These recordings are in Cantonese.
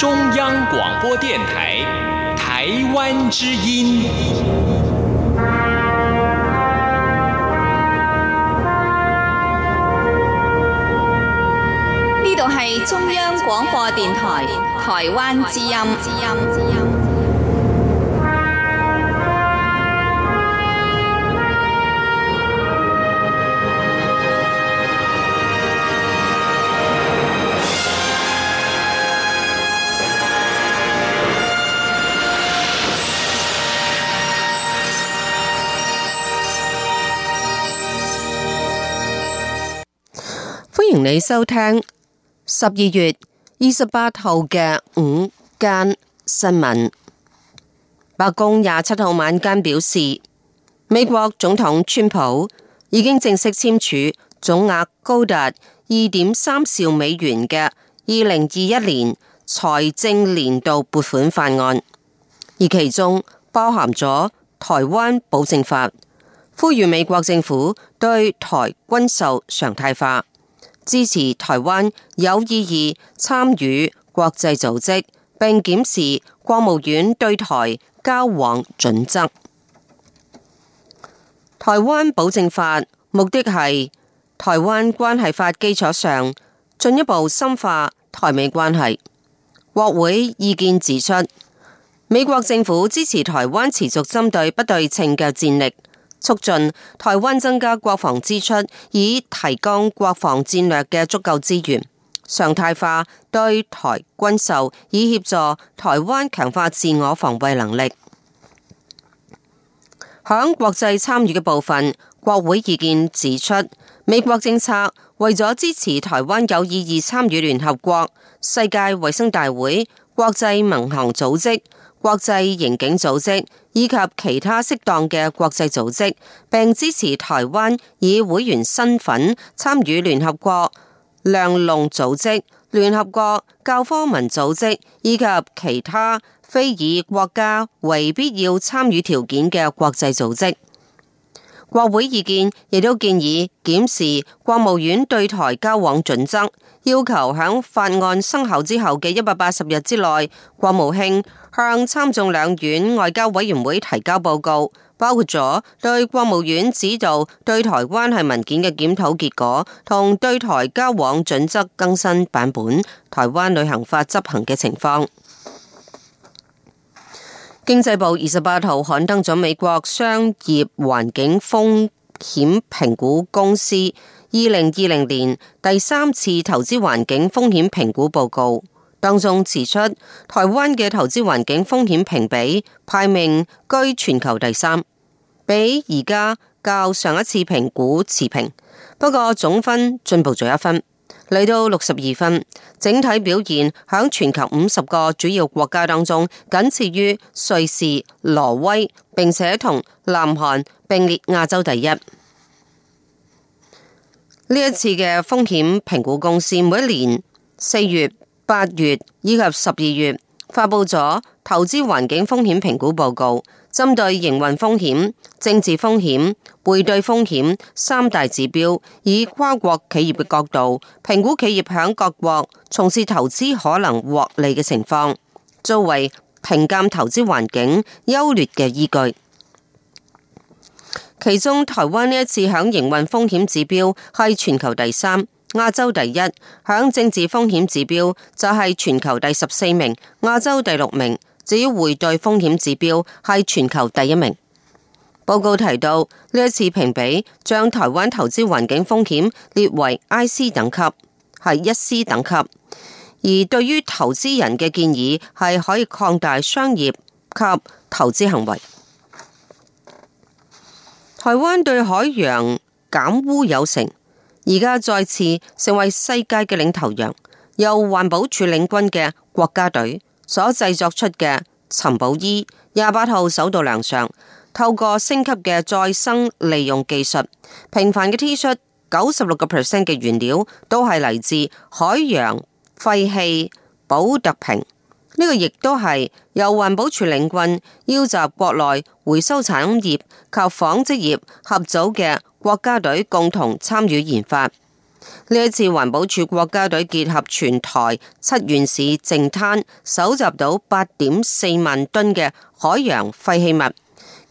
中央廣播電台，台灣之音。呢度係中央廣播電台，台灣之音。同你收聽十二月二十八號嘅午間新聞。白宮廿七號晚間表示，美國總統川普已經正式簽署總額高達二點三兆美元嘅二零二一年財政年度撥款法案，而其中包含咗台灣保證法，呼籲美國政府對台軍售常態化。支持台灣有意義參與國際組織，並檢視國務院對台交往準則。台灣保證法目的係台灣關係法基礎上進一步深化台美關係。國會意見指出，美國政府支持台灣持續針對不對稱嘅戰力。促進台灣增加國防支出，以提供國防戰略嘅足夠資源；常態化對台軍售，以協助台灣強化自我防衛能力。響國際參與嘅部分，國會意見指出，美國政策為咗支持台灣有意義參與聯合國、世界衛生大會、國際民航組織。國際刑警組織以及其他適當嘅國際組織，並支持台灣以會員身份參與聯合國糧農組織、聯合國教科文組織以及其他非以國家為必要參與條件嘅國際組織。國會意見亦都建議檢視國務院對台交往準則，要求響法案生效之後嘅一百八十日之內，國務卿向參眾兩院外交委員會提交報告，包括咗對國務院指導對台關係文件嘅檢討結果，同對台交往準則更新版本，台灣旅行法執行嘅情況。經濟部二十八號刊登咗美國商業環境風險評估公司二零二零年第三次投資環境風險評估報告，當中指出，台灣嘅投資環境風險評比排名居全球第三，比而家較上一次評估持平，不過總分進步咗一分。嚟到六十二分，整體表現響全球五十個主要國家當中，僅次於瑞士、挪威，並且同南韓並列亞洲第一。呢一次嘅風險評估公司每一年四月、八月以及十二月，發布咗投資環境風險評估報告。針對營運風險、政治風險、匯兌風險三大指標，以跨國企業嘅角度評估企業響各國從事投資可能獲利嘅情況，作為評鑑投資環境優劣嘅依據。其中，台灣呢一次響營運風險指標係全球第三、亞洲第一；響政治風險指標就係全球第十四名、亞洲第六名。至於匯兌風險指標係全球第一名。報告提到呢一次評比將台灣投資環境風險列為 I C 等級，係一 C 等級。而對於投資人嘅建議係可以擴大商業及投資行為。台灣對海洋減污有成，而家再次成為世界嘅領頭羊，由環保署領軍嘅國家隊。所製作出嘅尋寶衣廿八號首度亮相，透過升級嘅再生利用技術，平凡嘅 T 恤九十六個 percent 嘅原料都係嚟自海洋廢棄平、這個、寶特瓶。呢個亦都係由環保署領軍邀集國內回收產業及紡織業合組嘅國家隊共同參與研發。呢一次，環保署國家隊結合全台七縣市淨灘，蒐集到八點四萬噸嘅海洋廢棄物，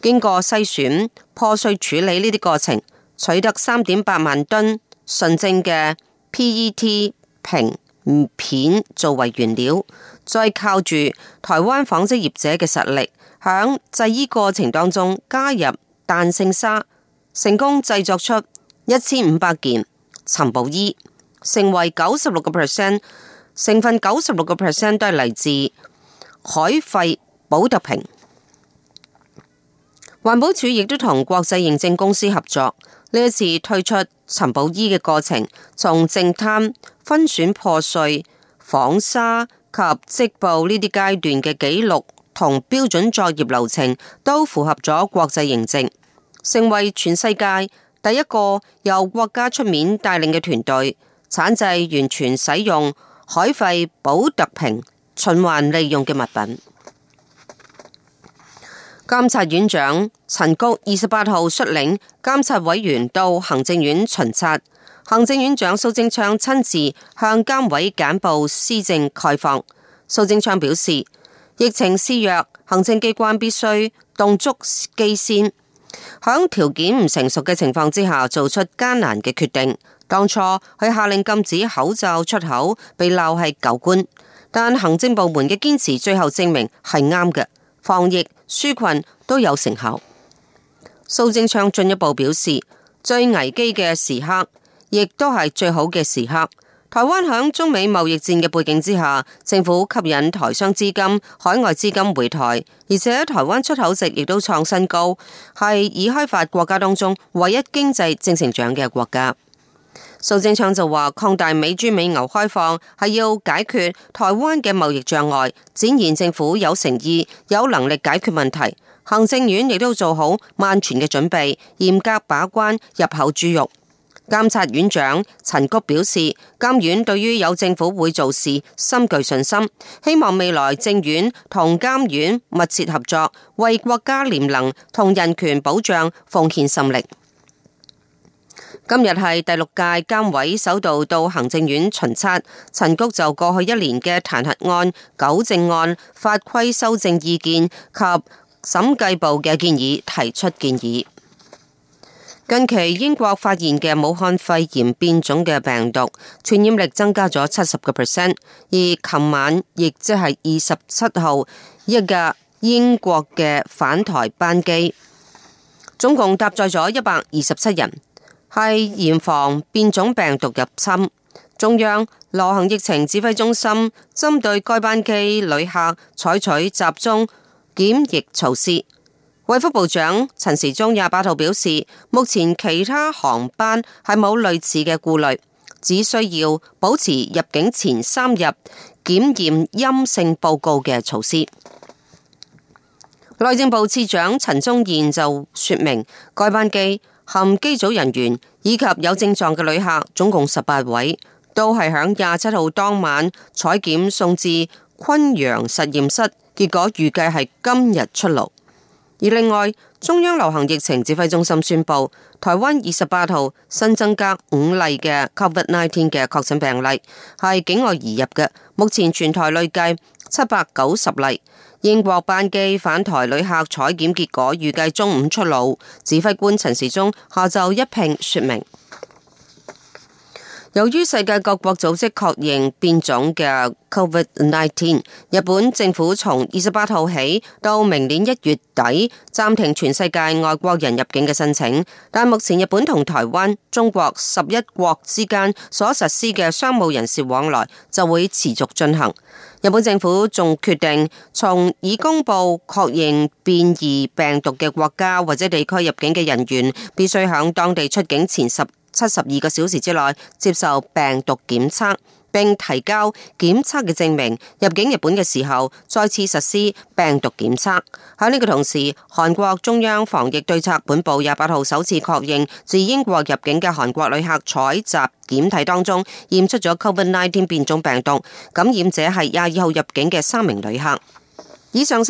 經過篩選、破碎、處理呢啲過程，取得三點八萬噸純正嘅 PET 瓶片作為原料，再靠住台灣紡織業者嘅實力，響製衣過程當中加入彈性紗，成功製作出一千五百件。陳寶衣成為九十六個 percent 成分，九十六個 percent 都係嚟自海廢寶特瓶。環保署亦都同國際認證公司合作，呢一次推出陳寶衣嘅過程，從淨灘、分選、破碎、紡紗及織布呢啲階段嘅記錄同標準作業流程，都符合咗國際認證，成為全世界。第一個由國家出面帶領嘅團隊，產製完全使用海廢保特瓶循環利用嘅物品。監察院長陳菊二十八號率領監察委員到行政院巡察，行政院長蘇貞昌親自向監委簡報施政概況。蘇貞昌表示，疫情肆虐，行政機關必須洞燭機先。響條件唔成熟嘅情況之下，做出艱難嘅決定。當初佢下令禁止口罩出口，被鬧係狗官，但行政部門嘅堅持，最後證明係啱嘅。防疫紓困都有成效。蘇貞昌進一步表示，最危機嘅時刻，亦都係最好嘅時刻。台灣響中美貿易戰嘅背景之下，政府吸引台商資金、海外資金回台，而且台灣出口值亦都創新高，係已開發國家當中唯一經濟正成長嘅國家。蘇貞昌就話：擴大美豬美牛開放，係要解決台灣嘅貿易障礙，展現政府有誠意、有能力解決問題。行政院亦都做好萬全嘅準備，嚴格把關入口豬肉。監察院長陳菊表示，監院對於有政府會做事深具信心，希望未來政院同監院密切合作，為國家廉能同人權保障奉獻心力。今日係第六屆監委首度到行政院巡察，陳菊就過去一年嘅彈劾案、糾正案、法規修正意見及審計部嘅建議提出建議。近期英國發現嘅武漢肺炎變種嘅病毒傳染力增加咗七十個 percent，而琴晚亦即係二十七號一架英國嘅返台班機，總共搭載咗一百二十七人，係嚴防變種病毒入侵，中央流行疫情指揮中心針對該班機旅客採取集中檢疫措施。衛福部長陳時中廿八號表示，目前其他航班係冇類似嘅顧慮，只需要保持入境前三日檢驗陰性報告嘅措施。內政部次長陳宗彥就說明，該班機含機組人員以及有症狀嘅旅客，總共十八位，都係響廿七號當晚採檢，採檢送至昆陽實驗室，結果預計係今日出爐。而另外，中央流行疫情指揮中心宣布，台灣二十八號新增加五例嘅 COVID-19 嘅確診病例係境外移入嘅，目前全台累計七百九十例。英國班機返台旅客採檢結果預計中午出爐，指揮官陳時中下晝一併說明。由於世界各國組織確認變種嘅 Covid nineteen，日本政府從二十八號起到明年一月底暫停全世界外國人入境嘅申請。但目前日本同台灣、中國十一國之間所實施嘅商務人士往來就會持續進行。日本政府仲決定從已公布確認變異病毒嘅國家或者地區入境嘅人員，必須響當地出境前十。七十二個小時之內接受病毒檢測並提交檢測嘅證明，入境日本嘅時候再次實施病毒檢測。喺呢個同時，韓國中央防疫對策本部廿八號首次確認自英國入境嘅韓國旅客採集檢體當中驗出咗 COVID-19 變種病毒，感染者係廿二號入境嘅三名旅客。以上新聞。